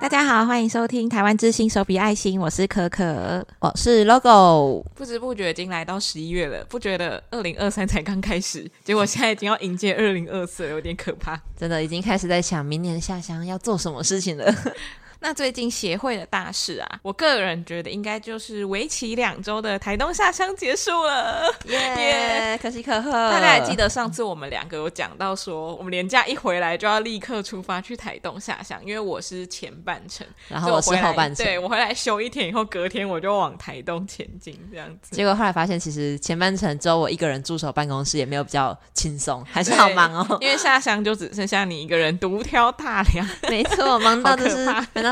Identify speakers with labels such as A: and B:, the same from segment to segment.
A: 大家好，歡迎收聽《台灣之心手筆愛心》，我是可可，我是 Logo。不知不覺已經來到十一月了，不覺得二零二三才剛開始，結果現在已經要迎接二零二四了，有點可怕。真的已經
B: 開始在想明年下鄉要做什麼事情了。
A: 那最近協會的大事啊，我個人覺得應該就是為期兩周的台東下鄉結束了，耶！Yeah, Yeah. 可喜可賀。大家還記得上次我們兩個有講到說，我們連假一回來就要立刻出發去台東下鄉，嗯、因為我是前半程，然後我是後半程，對我回來休一天以後，隔天我就往台東前進，這樣子。結果
B: 後來發現，其實前半程只有我一個人駐守辦公室，也沒有比較輕鬆，還是好忙
A: 哦。因為下鄉就只剩下你一個人獨挑大梁， 沒錯，忙到的、就是。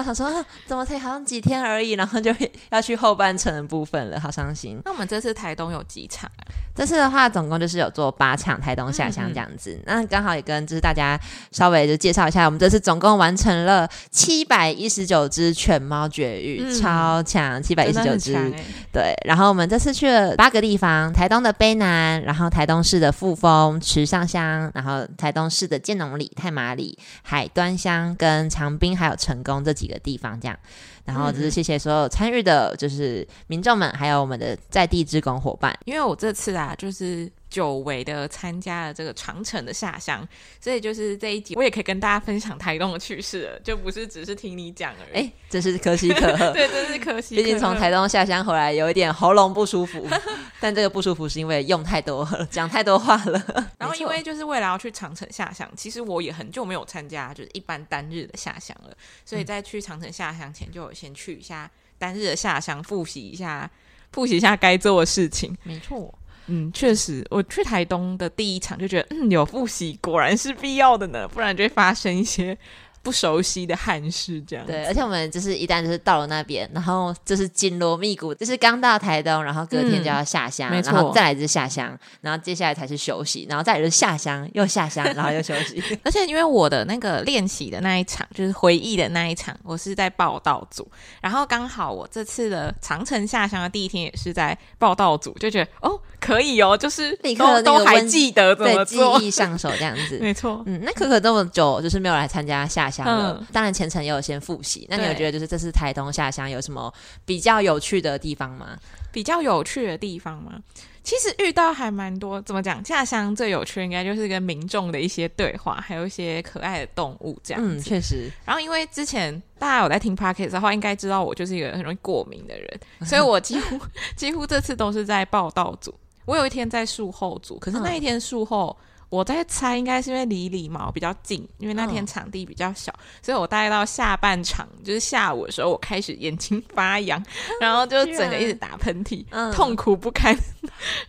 A: 想說怎麼才好像幾天而
B: 已，然後就要去後半程的部分了，好傷心。那
A: 我們這次台東有幾場？
B: 這次的話，總共就是有做八場台東下鄉這樣子。嗯、那剛好也跟就是大家稍微就介紹一下，嗯、我們這次總共完成了七百一十九隻犬貓絕育，嗯、超強七百一十九隻。欸、對，然後我們這次去了八個地方：台東的卑南，然後台東市的富豐、池上鄉，然後台東市的建農里、太麻里、海端鄉跟長濱，還有成功這幾個的地方這樣，然後就是謝謝所有參與的，就是民眾們，還有我們的在地志工夥伴。
A: 因為我這次啊，就是，久違的參加了這個長程的下鄉，所以就是這一集我也可以跟大家分享台東的趣事了，就不是只是聽你講而已。哎、欸，真是可喜可賀，對，真是可喜可賀。畢 竟從台東下
B: 鄉回來，有一點喉嚨不舒服， 但這個不舒服是因為用太多了，講太多話了。沒錯。
A: 然後因為就是為了要去長程下鄉，其實我也很久沒有參加就是一般單日的下鄉了，所以在去長程下鄉前，就有先去一下單日的下鄉，複習一下，複習一下該做的事情。沒錯。嗯，確實，我去台東的第一場就覺得，嗯，有複習果然是必要的呢，不然就會發生一些。不熟悉的漢室這樣子。對，而且我們就是一旦就是到了那邊，然
B: 後就是緊鑼密鼓，就是剛到台東，然後隔天就要下鄉，嗯、然後再來就是下鄉，
A: 然後接下來才是休息，然後再來就是下鄉又下鄉，然後又休息。 而且因為我的那個練習的那一場，就是回憶的那一場，我是在報到組，然後剛好我這次的長城下鄉的第一天也是在報到組，就覺得哦，可以哦，就是你可能都還記得怎麼做，對，記憶上手這樣子，
B: 沒錯，嗯，那可可這麼久就是沒有來參加下鄉。嗯，當然前程也有先複習。那你有覺得就是這次台東下鄉有什麼
A: 比較有趣的地方嗎？比較有趣的地方嗎？其實遇到還蠻多，怎麼講？下鄉最有趣應該就是跟民眾的一些對話，還有一些可愛的動物這樣子。嗯，確實。然後因為之前大家有在聽 Podcast 的話，應該知道我就是一個很容易過敏的人，所以我幾乎 幾乎這次都是在報道組。我有一天在術後組，可是那一天術後。嗯我在猜，應該是因為離禮毛比較近，因為那天場地比較小，嗯、所以我大概到下半場，就是下午的時候，我開始眼睛發癢， 然後就整個一直打噴嚏，嗯、痛苦不堪。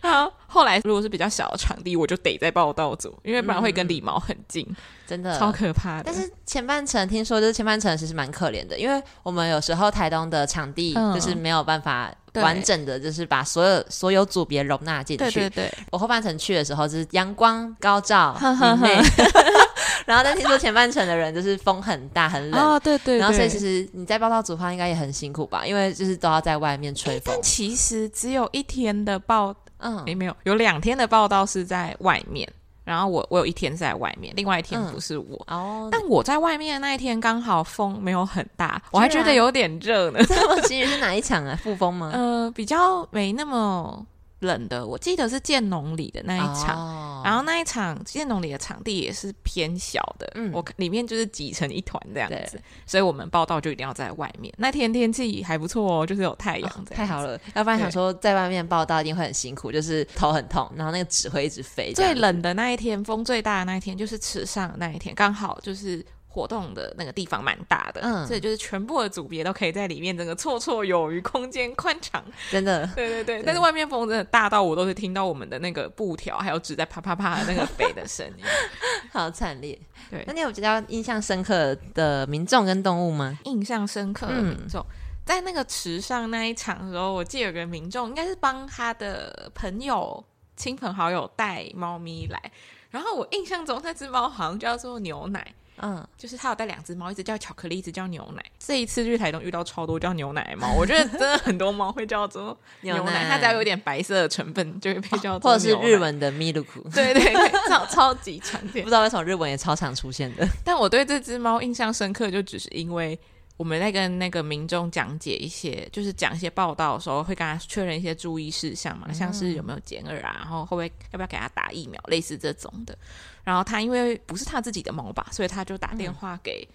A: 然後後來如果是比較小的場地，我就得在報到組，因為不然會跟禮毛很近，嗯、真的超可
B: 怕的。但是前半程聽說，就是前半程其實蠻可憐的，因為我們有時候台東的場地就是沒有辦法、嗯。完整的就是把所有所有組別容納進去。對對對，我後半程去的時候就是陽光高照， 明媚。 然後但聽說前半程的人就是風很大很冷。啊、哦、對對對，然後所以其實你在報道組方應該也很辛苦吧，因為
A: 就是都要在外面吹風。但其實只有一天的報，嗯，沒有，有兩天的報道是在外面。然後我我有一天在外面，另外一天不是我。嗯、哦，但我在外面的那一天剛好風沒有很大，然我還覺得有點熱呢。其實是哪一場啊？富豐嗎？呃，比較沒那麼冷的。我記得是建農里的那一場。哦然後那一場建農裡的場地也是偏小的，嗯，我裡面就是擠成一團這樣子，對所以我們報道就一定要在外面。那天天氣還不錯哦，就是有太陽。哦，太好了。要不然想說在外面報道一定會很辛苦，對就是頭很痛，
B: 然後那個紙會一直飛。最
A: 冷的那一天，風最大的那一天，就是池上那一天，剛好就是。活動的那個地方蠻大的，嗯、所以就是全部的組別都可以在裡面，整個綽綽有餘，空間寬敞，真的。 對對對，的但是外面風真的大到我都是聽到我們的那個布條還有紙在啪啪啪的那個飛的聲音， 好慘烈。
B: 對，那你有知道印象深刻的民眾跟動物嗎？
A: 印象深刻的民眾、嗯、在那個池上那一場的時候，我記得有一個民眾應該是幫他的朋友、親朋好友帶貓咪來，然後我印象中那隻貓好像叫做牛奶。嗯，就是他有帶兩隻貓，一隻叫巧克力，一隻叫牛奶。這一次去台東遇到超多叫牛奶的貓， 我覺得真的很多貓會叫做牛奶，它 奶只要有點白色的成分就會被叫做，或者是日
B: 文的 miluku， 對對對，超 超
A: 級常見，
B: 不知道為什麼日文也超常出現的。
A: 但我對這隻貓印象深刻，就只是因為。我們在跟那個民眾講解一些，就是講一些報道的時候，會跟他確認一些注意事項嘛，嗯、像是有沒有剪耳啊，然後會不會要不要給他打疫苗，類似這種的。然後他因為不是他自己的貓吧，所以他就打電話給。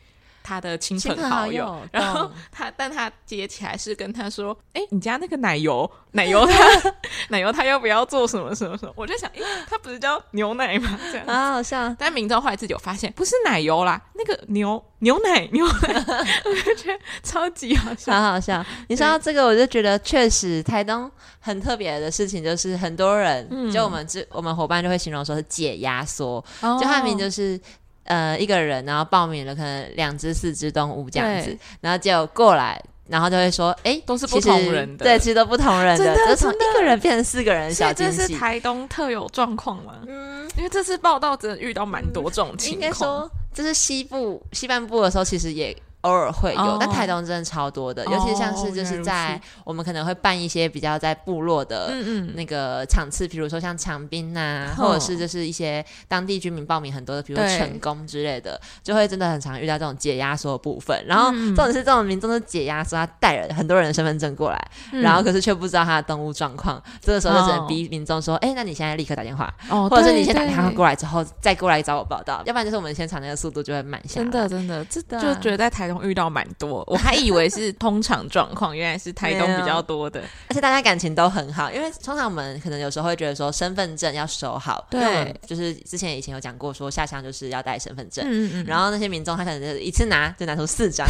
A: 他的親朋好友，好友然後他，對但他接起來是跟他說：“哎，你家那個奶油，奶油他， 奶油他要不要做什麼什麼什麼？”我就想，他不是叫牛奶嗎？這樣好好笑啊，好笑！但民眾後來自己有發現，不是奶油啦，那個牛牛奶牛奶，牛奶 我就覺得超級好笑，好，好笑。你說
B: 到這個，我就覺得確實台東很特別的事情，就是很多人，嗯、就我們這我們夥伴就會形容說是解壓縮，哦、就他明就是。呃，一個人，然後報名了，可能兩隻、四隻動物這樣子，對然後就過來，然後就會說，誒、欸，都
A: 是不同人的，對，其實都不同人的，就從
B: 一個人變成四個人小。所以這是台
A: 東特有狀況嗎？嗯，因為這次報道真的遇到蠻多這種情況，嗯、應該說這是西
B: 部西半部的時候，其實也。偶爾會有，但台東真的超多的，尤其像是就是在我們可能會辦一些比較在部落的那個場次，比如說像長濱啊，或者是就是一些當地居民報名很多的，比如說成功之類的，就會真的很常遇到這種解壓縮的部分。然後或者是這種民眾的解壓縮，他帶了很多人的身份證過來，然後可是卻不知道他的動物狀況，這個時候就只能逼民眾說：“哎，那你現在立刻打電話，或者你先打電話過來之後再過來找我報到，要不然就是我們現場那個速度就會慢下來。”真的，
A: 真的，真的就覺得在
B: 台。遇到蠻多，我還以為是通常狀況，原來是台東比較多的，而且大家感情都很好。因為通常我們可能有時候會覺得說身份證要收好，對，就是之前以前有講過說下鄉就是要帶身份證，然後那些民眾他可能一次拿就拿出四張，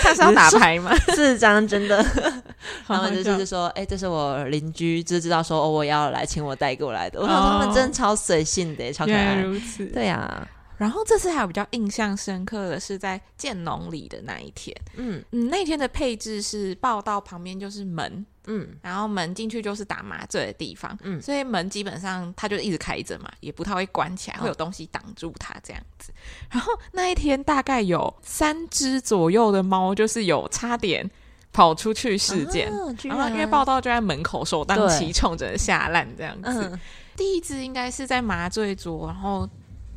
B: 他是要打牌嗎？四張真的，他們就是說，哎，這是我鄰居就知道說我要來，請我帶過來的，我說他們真的超隨性的，超可愛，原來如此，對
A: 呀。然後這次還有比較印象深刻的是在建農里的那一天，嗯嗯，那天的配置是報道旁邊就是門，嗯，然後門進去就是打麻醉的地方，嗯，所以門基本上它就一直開着嘛，也不太會關起來，哦、會有東西擋住它這樣子。然後那一天大概有三隻左右的貓，就是有差點跑出去事件，啊、居然，然後因為報道就在門口首當其衝着下爛這樣子。第一隻應該是在麻醉桌，然後。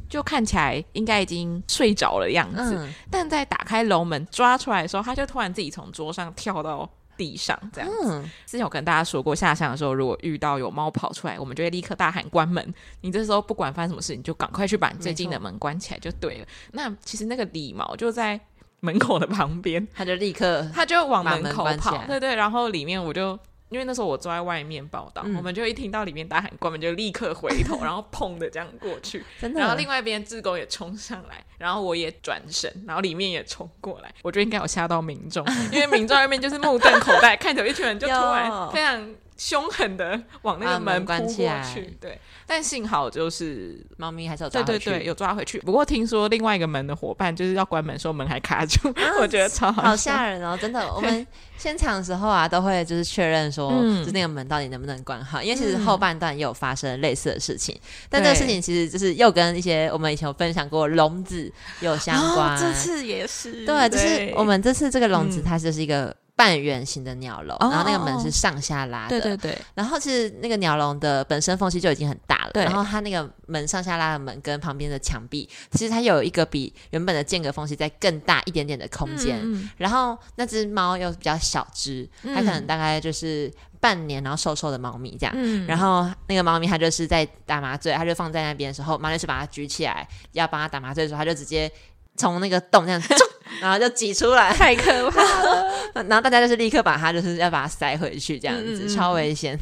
A: 就看起來應該已經睡着了樣子，嗯、但在打開籠門抓出來的時候，他就突然自己從桌上跳到地上，這樣子。嗯、之前我跟大家說過，下鄉的時候如果遇到有貓跑出來，我們就會立刻大喊關門。嗯、你這時候不管發生什麼事，你就趕快去把最近的門關起來就對了。錯那其實那個狸貓就在門口的旁邊，他就立刻他就往門口跑，對，對對，然後裡面我就。因為那時候我坐在外面報到，嗯、我們就一聽到裡面大喊關門，就立刻回頭，然後砰的這樣過去， 真的嗎？然後另外一邊志工也衝上來，然後我也轉身，然後裡面也衝過來，我覺得應該有嚇到民眾， 因為民眾外面就是目瞪口呆， 看着一群人就突然非常。兇狠的往那個門撲過去，啊、對，但幸好就是貓咪還是有抓回去對對對，有抓回去，不過聽說另外一個門的伙伴就是要關門，說門還卡住，啊、我覺得超好好嚇人
B: 哦！真的，我們現場的時候啊，都會就是確認說，對就那個門到底能不能關好，嗯、因為其實後半段也有發生類似的事情。嗯、但這個事情其實就是又跟一些我們以前有分享過籠子有相關，哦、這次也是對，對，就是我們這次這個籠子它就是一個。嗯半圓形的鳥籠，然後那個門是上下拉的，哦、對對對。然後是那個鳥籠的本身縫隙就已經很大了，對。然後它那個門上下拉的門跟旁邊的牆壁，其實它有一個比原本的間隔縫隙再更大一點點的空間。嗯、然後那隻貓又比較小隻，嗯、它可能大概就是半年，然後瘦瘦的貓咪這樣。嗯、然後那個貓咪它就是在打麻醉，它就放在那邊的時候，麻醉師把它舉起來要幫它打麻醉的時候，它就直接從那個洞這樣。 然後就擠出來，太可怕了。然後大家就是立
A: 刻把它，就是要把它塞回去這樣子，嗯、超危險。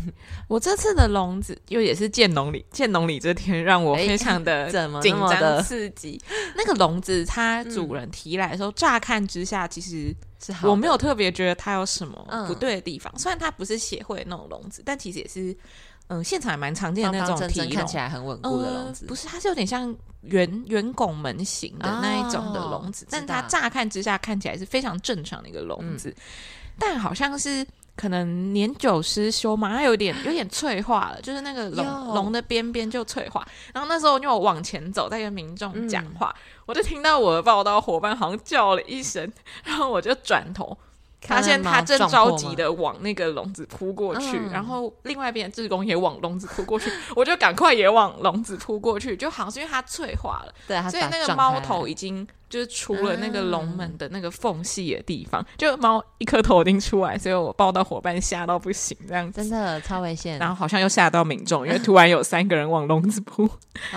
A: 我這次的籠子，因為也是建農里，建農里這天讓我非常的緊張，怎麼那麼的刺激。那個籠子，它主人提來的時候，嗯、乍看之下其實是好。我沒有特別覺得它有什麼不對的地方。嗯、雖然它不是協會那種籠子，但其實也是。嗯，現場也蠻常見的那種，皮，看起來很穩固的籠子，嗯，不是，它是有點像圓圓拱門型的那一種的籠子，哦、但它乍看之下看起來是非常正常的一個籠子，嗯、但好像是可能年久失修嘛，它有點有點脆化了，就是那個籠籠又的邊邊就脆化，然後那時候因為我往前走，在跟民眾講話，嗯、我就聽到我的報道伙伴好像叫了一聲，然後我就轉頭。
B: 發現在他正着急的
A: 往那個籠子撲過去，嗯、然後另外一邊的志工也往籠子撲過去， 我就趕快也往籠子撲過去，就好像是因為它脆化了，對，他把他撞開來了，所以那個貓頭已經。就是除了那個籠門的那個縫隙的地方，就貓一顆頭頂出來，所以我抱到夥伴嚇到不行，這樣子真的超危險。然後好像又嚇到民眾，因為突然有三個人往籠子撲，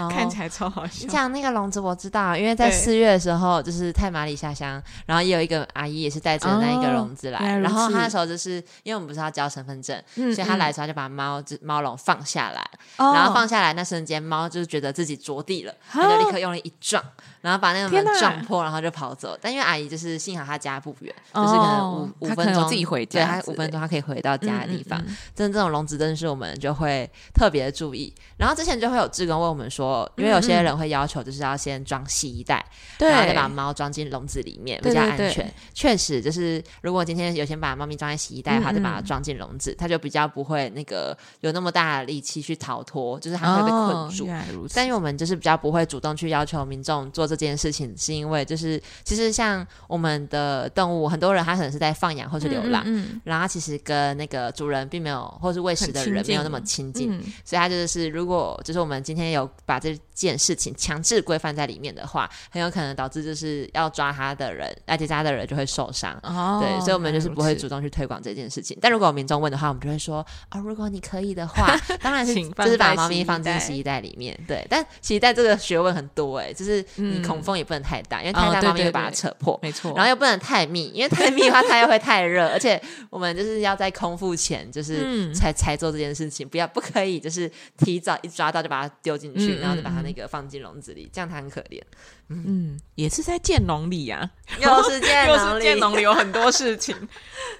A: 看起來超好笑。你講那個籠子我知道，因為在四
B: 月的時候就是太麻里下鄉，然後也有一個阿姨也是帶着那一個籠子來，然後他那時候就是因為我們不是要交身份證，所以他來的時候就把貓貓籠放下來，
A: 然後放下
B: 來那瞬間貓就是覺得自己着地了，它就立刻用力一撞，然後把那個門撞。然後就跑走，但因為阿姨就是幸好她家不遠，哦、就是可能五五分鐘自己回家，對、五分鐘她可以回到家的地方。真的、嗯嗯嗯、這種籠子真的是我們就會特別注意。然後之前就會有志工問我們說，因為有些人會要求就是要先裝洗衣袋，嗯、然後再把貓裝進籠子裡面對比較安全。對對對確實，就是如果今天有先把貓咪裝在洗衣袋的話，再、嗯、把它裝進籠子，它、嗯、就比較不會那個有那麼大的力氣去逃脫，就是它會被困住。哦、但因為我們就是比較不會主動去要求民眾做這件事情，是因為。對，就是其實像我們的動物，很多人他可能是在放養或是流浪，嗯嗯嗯、然後其實跟那個主人並沒有，或是餵食的人沒有那麼親近，親近。嗯、所以他就是如果就是我們今天有把這件事情強制規範在裡面的話，很有可能導致就是要抓它的人，愛它的人就會受傷。哦、對，所以我們就是不會主動去推廣這件事情。哦、如但如果我民眾問的話，我們就會說啊、哦，如果你可以的話， 當然是請放就是把貓咪放進洗衣袋裡面。對，但洗衣袋這個學問很多哎、欸，就是你孔縫也不能太大。嗯因為他們就把它扯破，哦對對對，沒錯。然後又不能太密，因為太密的話它又會太熱， 而且我們就是要在空腹前就是才、嗯、才做這件事情，不要不可以，就是提早一抓到就把它丟進去，嗯嗯然後就把它那個放進籠子裡，這樣它很可憐。嗯，也
A: 是在建籠裡呀，啊，又是建籠裡，有很多事情。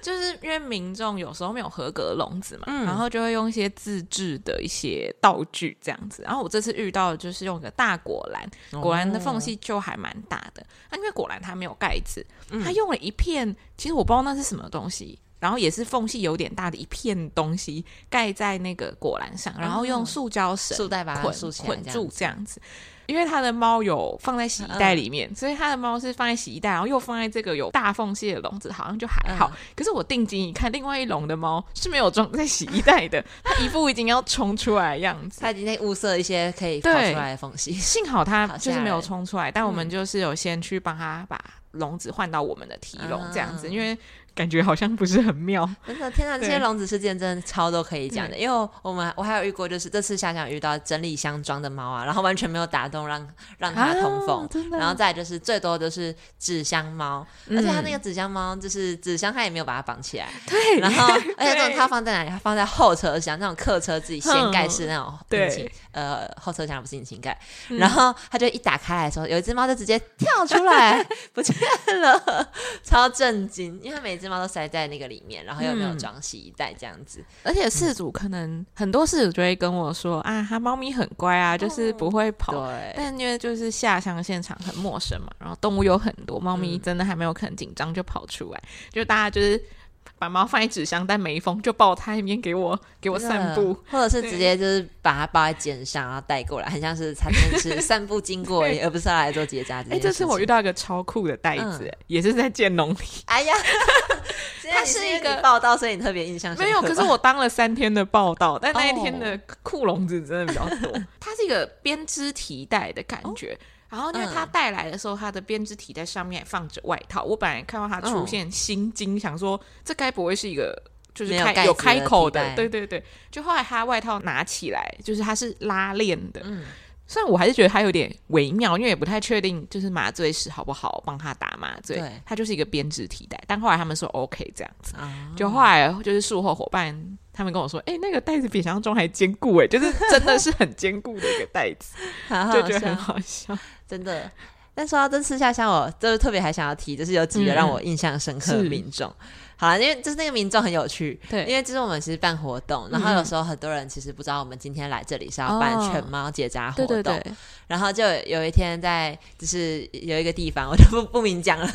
A: 就是因為民眾有時候沒有合格籠子嘛，嗯、然後就會用一些自制的一些道具這樣子。然後我這次遇到的就是用一個大果籃，果籃的縫隙就還蠻大的，哦、啊，因為果籃它沒有蓋子，它用了一片，嗯、其實我不知道那是什麼東西。然後也是縫隙有點大的一片東西蓋在那個果籃上，然後用塑膠繩、束帶，把它捆捆住，這樣子。因為他的貓有放在洗衣袋裡面，所以他的貓是放在洗衣袋，然後又放在這個有大縫隙的籠子，好像就還好。可是我定睛一看，另外一籠的貓是沒有裝在洗衣袋的，它一副已經要衝出來的樣子，它已經在物色一些可以跑出來的縫隙。幸好它就是沒有衝出來，但我們就是有先去幫他把籠子換到我們的提籠這樣子，因為。感覺好像不是很
B: 妙。真的天吶，對這些籠子事件真的超多可以講的。因為我們我還有遇過，就是這次下鄉遇到整理箱裝的貓啊，然後完全沒有打洞讓讓它通風。啊、然後再就是最多就是紙箱貓，嗯、而且它那個紙箱貓就是紙箱，它也沒有把它綁起來。對。然後，而且這種它放在哪裡？它放在後車廂，那種客車自己掀蓋式那種引擎、嗯、對呃後車廂不是引擎蓋。嗯、然後它就一打開來的時候，有一隻貓就直接跳出來 不見了，超震驚。因為它每隻貓都塞在那個裡面，然後又有沒有裝洗衣袋這樣子。
A: 嗯、而且，飼主可能很多飼主就會跟我說、嗯、啊，他貓咪很乖啊，哦、就是不會跑。對但因為就是下鄉現場很陌生嘛，然後動物又很多，貓咪真的還沒有可能緊張就跑出來，嗯、就大家就是。把貓放在紙箱，但沒封就抱它一邊給我，給我散步，或者是直接就是把它抱
B: 在肩上，對然後帶過來，很像是餐廳吃散步經過， 對而不是來做結紮。哎、欸，這次我遇
A: 到一個超酷的袋子，嗯、也是在建農裡。哎呀，它是一個報道，所以你特別印象。沒有，可是我當了三天的報道，但那一天的酷籠子真的比較多。哦、 它是一個編織提袋的感覺。哦然後因為他帶來的時候，他的編織提袋上面放着外套。嗯、我本來看到他出現心驚，嗯、想說這該不會是一個就是開有，有開口的？對對對。就後來他外套拿起來，就是它是拉鏈的。嗯、雖然我還是覺得他有點微妙，因為也不太確定就是麻醉師好不好幫他打麻醉。他對就是一個編織提袋。但後來他們說 OK 這樣子。哦、就後來就是術後夥伴他們跟我說，哎、欸，那個袋子比想象中還堅固哎、欸，就是真的是很堅固的一個袋子，
B: 就覺得很好笑。真的，但說到這次下鄉，像我就是特別還想要提，就是有幾個讓我印象深刻的民眾。嗯、好了，因為就是那個民眾很有趣，對，因為就是我們其實辦活動，然後有時候很多人其實不知道我們今天來這裡是要辦犬貓結紮活動，哦、對，對，對，對，然後就有一天在就是有一個地方，我就不不明講了，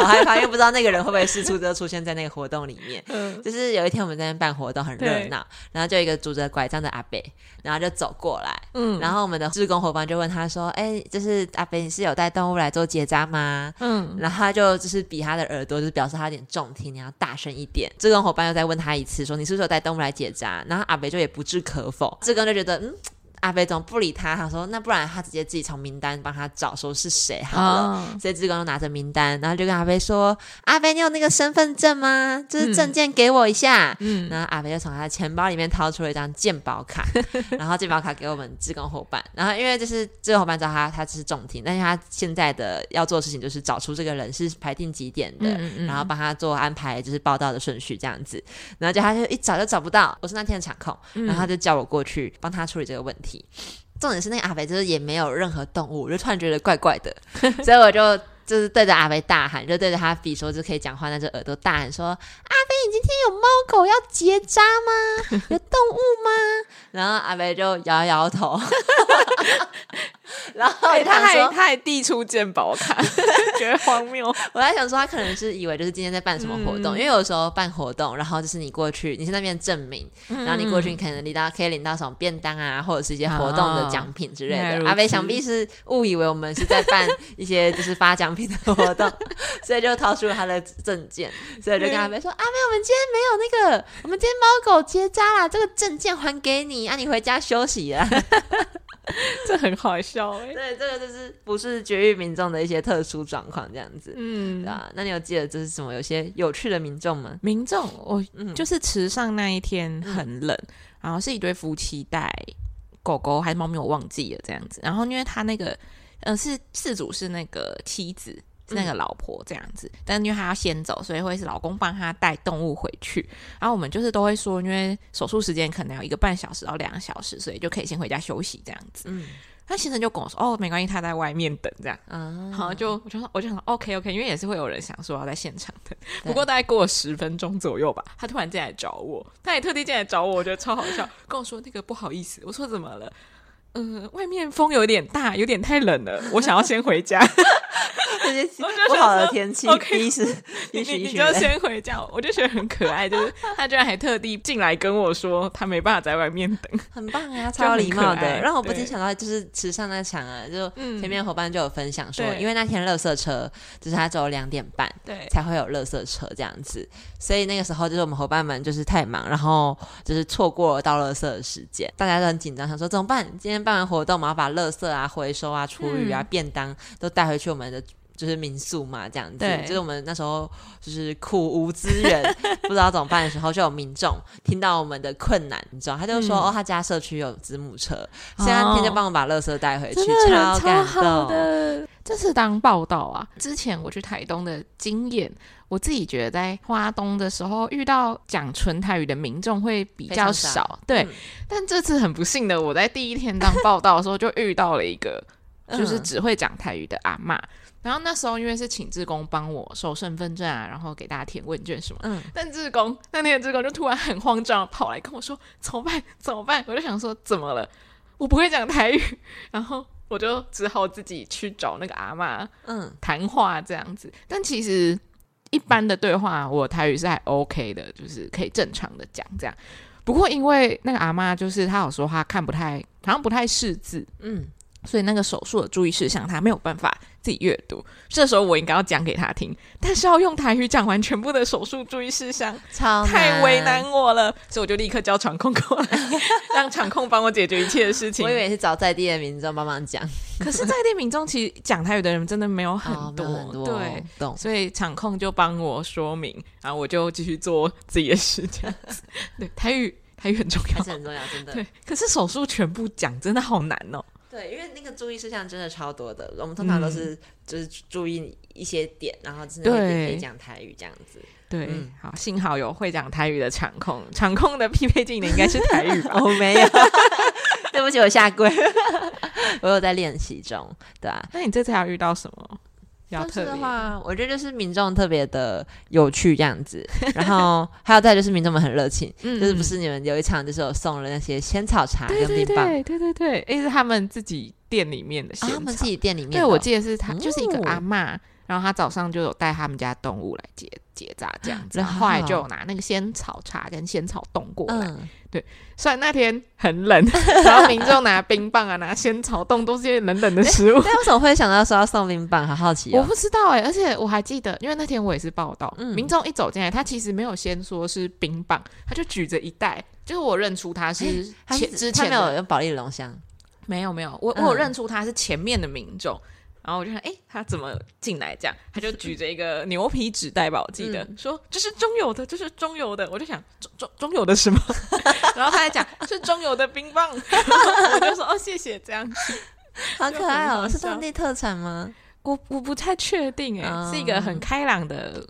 B: 好 害怕，因為不知道那個人會不會四處都出現在那個活動裡面。嗯、就是有一天我們在那辦活動，很熱鬧，對然後就一個拄着拐杖的阿伯，然後就走過來，嗯，然後我們的志工伙伴就問他說：“哎、欸，就是阿北，你是有帶動物來做結紮嗎？”嗯，然後他就就是比他的耳朵，就是表示他有點重聽，你要大聲一點。志工伙伴又再問他一次說：“你是不是有帶動物來結紮？”然後阿北就也不置可否。志工就覺得，嗯。阿飛總不理他，他說：“那不然他直接自己從名單幫他找，說是誰好了。” oh. 所以志工都拿着名單，然後就跟阿飛說：“阿飛，你有那個身份證嗎？就是證件，給我一下。”嗯，然後阿飛就從他的錢包裡面掏出了一張健保卡， 然後健保卡給我們志工伙伴。然後因為就是志工伙伴知道他，他只是重聽，但是他現在的要做的事情就是找出這個人是排定幾點的，嗯嗯然後幫他做安排，就是報道的順序這樣子。然後就他就一找就找不到，我是那天的場控，然後他就叫我過去幫他處理這個問題。嗯重點是那個阿肥，就是也沒有任何動物，就突然覺得怪怪的， 所以我就就是對着阿肥大喊，就對着他比說就可以講話，那就耳朵大喊說、啊你今天有貓狗要結紮嗎？有動物嗎？然後阿伯就搖搖頭，
A: 然後他還他還遞出健保卡，
B: 覺得荒謬。我在想說，他可能是以為就是今天在辦什麼活動，因為有時候辦活動，然後就是你過去，你是那邊證明，然後你過去，你可能你到可以領到什麼便當啊，或者是一些活動的獎品之類的。阿伯想必是誤以為我們是在辦一些就是發獎品的活動，所以就掏出他的證件，所以就跟阿伯說：“阿伯，我們今天沒有那個，我們今天貓狗結扎啦。這個證件還給你，讓、啊、你回家休息啊。
A: 這很好笑，欸，、對，這個就是
B: 不是絕育民眾的一些特殊
A: 狀況，這樣子，嗯啊，那你有記得這是什麼？有些有趣的民眾嗎？民眾，我就是池上那一天很冷，嗯、然後是一對夫妻帶狗狗還是貓咪，我忘記了這樣子，然後因為他那個，呃，是事主是那個妻子。是那個老婆這樣子，嗯、但是因為她要先走，所以會是老公幫她帶動物回去。然後我們就是都會說，因為手術時間可能有一個半小時到兩個小時，所以就可以先回家休息這樣子。嗯，那先生就跟我說：“哦，沒關係，他在外面等這樣。”嗯，然後就我就說我就想 OK OK，因為也是會有人想說要在現場等。對不過大概過了十分鐘左右吧，他突然進來找我，他也特地進來找我，我覺得超好笑，跟我說：“那個不好意思。”我說：“怎麼了？”嗯、呃，外面風有點大，有點太冷了，我想要先回家。 這些不好的天氣 okay, 時你意思，你就先回家。 我就覺得很可愛，就是他居然還特地進來跟我說，他沒辦法在外面等，
B: 很棒啊，超有禮貌的。讓我不禁想到就是池上那場啊，對就前面夥伴就有分享說，嗯、因為那天垃圾車就是他只有兩點半對才會有垃圾車這樣子，所以那個時候就是我們夥伴們就是太忙，然後就是錯過了倒垃圾的時間，大家都很緊張，想說怎麼辦？今天辦完活動，我們要把垃圾啊、回收啊、廚餘啊、嗯、便當都帶回去我們的。就是民宿嘛，這樣子。對就是我們那時候就是苦無資源， 不知道怎麼辦的時候，就有民眾聽到我們的困難，你知道，嗯、他就說：“哦，他家社區有子母車，現在、嗯、天就幫我把垃圾帶回去。的”超感動。好的
A: 這次當報道啊，之前我去台東的經驗，我自己覺得在花東的時候遇到講純台語的民眾會比較少。少對，嗯、但這次很不幸的，我在第一天當報道的時候就遇到了一個。 就是只會講台語的阿嬤，嗯、然後那時候因為是請志工幫我收身份證啊，然後給大家填問卷什麼，嗯，但志工，那天志工就突然很慌張跑來跟我說：“怎麼辦？怎麼辦？”我就想說：“怎麼了？我不會講台語。”然後我就只好自己去找那個阿嬤，嗯，談話這樣子。但其實一般的對話、啊，我台語是還 OK 的，就是可以正常的講這樣。不過因為那個阿嬤就是她有說話，看不太，好像不太識字，嗯。所以那個手術的注意事項，他沒有辦法自己閱讀。這時候我應該要講給他聽，但是要用台語講完全部的手術注意事項，超難，太為難我了。所以我就立刻叫場控過來， 讓場控幫我解決一切的事情。我以為是找在地的民眾幫忙講，可是在地民眾其實講台語的人真的沒有很
B: 多。哦、很多，對，
A: 懂。所以場控就幫我說明，然後我就繼續做自己的事情。對，台語台語很重要，還是很重要，真的。對，可是手術全部講真的好難哦。
B: 對，因為那個注意事項真的超多的，我們通常都是就是注意一些點，嗯、然後真的可以講台語這樣子。對，嗯、對，
A: 好，幸好有會講台語的場控，場控的必備技能應該是台語吧，哦， oh, 沒有， 對不起，我下跪，
B: 我有在練習中，對
A: 啊。那你這次還要遇到什麼？當時的話，
B: 我覺得就是民眾特別的有趣這樣子，然後 還有再就是民眾們很熱情，嗯、就是不是你們有一場就是有送了那些仙草茶跟冰棒，對對對。對對對對，
A: 因為是他們自己店裡面的、哦，他們自己店裡面的，對，我記得是他、嗯、就是一個阿嬤。嗯然後他早上就有帶他們家動物來結結紮，這樣子，然後，後來就有拿那個仙草茶跟仙草凍過來。嗯、對，雖然那天很冷，然後民眾拿冰棒啊， 拿仙草凍都是一些冷冷的食物。他、欸、為什麼會想到說要送冰棒？好好奇，哦，我不知道哎、欸。而且我還記得，因為那天我也是報道，嗯、民眾一走進來，他其實沒有先說是冰棒，他就舉着一袋，就是我認出他是、欸、他是之前他有有保麗龍箱，沒有沒有，我我有認出他是前面的民眾。嗯然後我就想，哎、欸，他怎麼進來？這樣，他就舉着一個牛皮紙袋吧，是我記得說這是中油的，這是中油的。我就想中中中油的什麼？ 然後他還講 是中油的冰棒， 我就說哦，謝謝，這樣子 很好可愛哦，是當地特產嗎？我我不太確定誒，uh、是一個很開朗的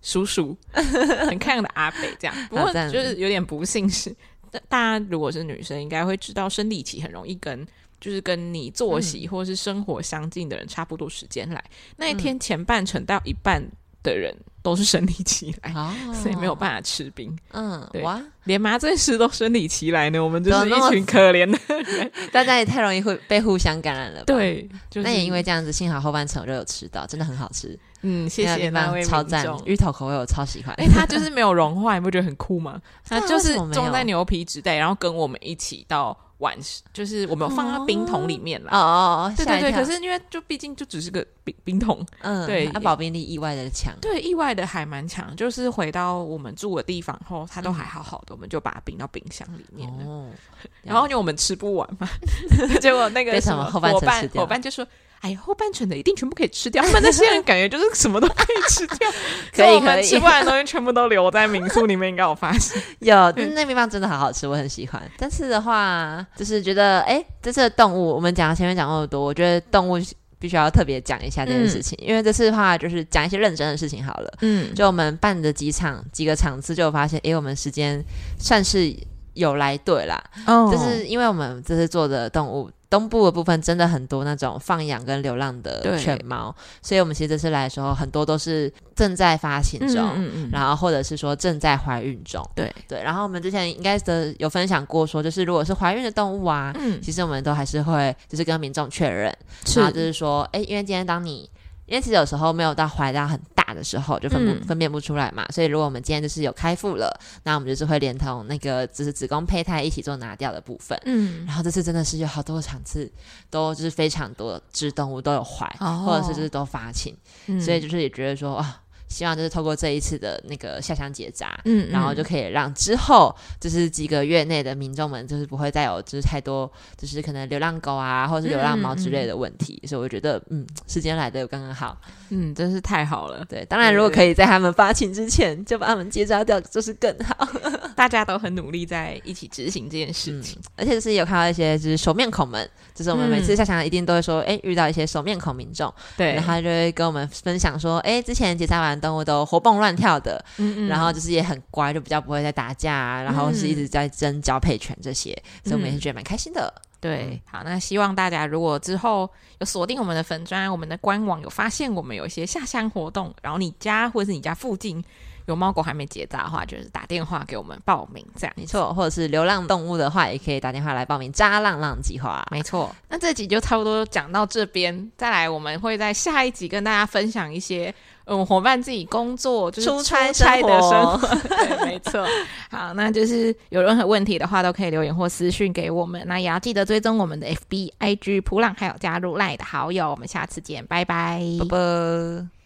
A: 叔叔， 很開朗的阿北這樣。不過就是有點不幸是，讚大家如果是女生，應該會知道生理期很容易跟。就是跟你作息或是生活相近的人差不多時間來，嗯、那一天前半程到一半的人都是生理期來，嗯、所以沒有辦法吃冰。
B: 嗯，對嗯，哇
A: 連麻醉師都生理期來呢，我們就是一群可憐的人。那
B: 大家也太容易會被互相感染了吧，對。就是、那也因為這樣子，幸好後半程我都有吃到，真的很好
A: 吃。 嗯，謝謝那位民眾，芋頭口味我超喜歡，哎，它就是沒有融化，你不覺得很酷嗎？它就是裝在牛皮紙袋，然後跟我們一起到晚，就是我們放到冰桶裡面了。哦哦，對對對。可是，因為就畢竟就只是個冰冰桶，嗯，對，它保冰力意外的強，對，意外的還蠻強。就是回到我們住的地方後，它都還好好的，我們就把它冰到冰箱裡面。嗯，然後因為我們吃不完嘛，結果那個什麼夥伴夥伴就說。哎呀，後半程的一定全部可以吃掉。他們那些人感覺就是什麼都可以吃掉，所 以,可以我們吃不完的東西全部都留在民宿裡面。 應該有發
B: 現？有，那地方真的好好吃，我很喜歡。但是 的話，就是覺得哎，這次的動物我們講的前面講過的多，我覺得動物必須要特別講一下這件事情，嗯，因為這次的話就是講一些認真的事情好了。嗯，就我們辦的幾場幾個場次，就發現哎，我們時間算是有來對啦。哦，就是因為我們這次做的動物。東部的部分真的很多那種放養跟流浪的犬貓，對所以我們其實這次來的時候，很多都是正在發情中，嗯嗯嗯，然後或者是說正在懷孕中，對對。然後我們之前應該有分享過，說就是如果是懷孕的動物啊，嗯，其實我們都還是會就是跟民眾確認，是然後就是說，哎、欸，因為今天當你，因為其實有時候沒有到懷到很。的時候就分不分辨不出來嘛，嗯、所以如果我們今天就是有開腹了，那我們就是會連同那個就是子宮胚胎一起做拿掉的部分。嗯，然後這次真的是有好多場次，都就是非常多隻動物都有懷，哦哦或者是就是都發情，嗯、所以就是也覺得說啊。希望就是透過這一次的那個下鄉結紮，嗯，然後就可以讓之後就是幾個月內的民眾們就是不會再有就是太多就是可能流浪狗啊或者是流浪貓之類的問題，嗯、所以我覺得嗯時間來的又剛剛好，嗯真是
A: 太好了，對，當然如果可以在他們發情之前就把他們結紮掉就是更好， 大家都很努力在一起執行這件事情，
B: 嗯、而且是有看到一些就是熟面孔們，就是我們每次下鄉一定都會說哎、欸、遇到一些熟面孔民眾，對、嗯，然後就會跟我們分享說哎、欸、之前結紮完。動物都活蹦亂跳的，嗯嗯，然後就是也很乖，就比較不會再打架、啊，嗯、然後是一直在爭交配權這些，嗯、所以我們也是覺得蠻開心的、嗯。
A: 對，好，那希望大家如果之後有鎖定我們的粉專、我們的官網，有發現我們有一些下鄉活動，然後你家或者是你家附近有貓狗還沒結扎的話，就是打電話
B: 給我們報名這樣，沒錯。或者是流浪動物的話，也可以打電話來報名“紮浪浪”計劃，沒錯。
A: 那這集就差不多講到這邊，再來我們會在下一集跟大家分享一些。嗯，夥伴自己工作，就是出差的生活，初初生活 對，沒錯。 好，那就是有任何問題的話，都可以留言或私訊給我們。那也要記得追蹤我們的 FB IG 噗浪，還有加入 Line 的好友。我們下次見，拜拜，拜拜。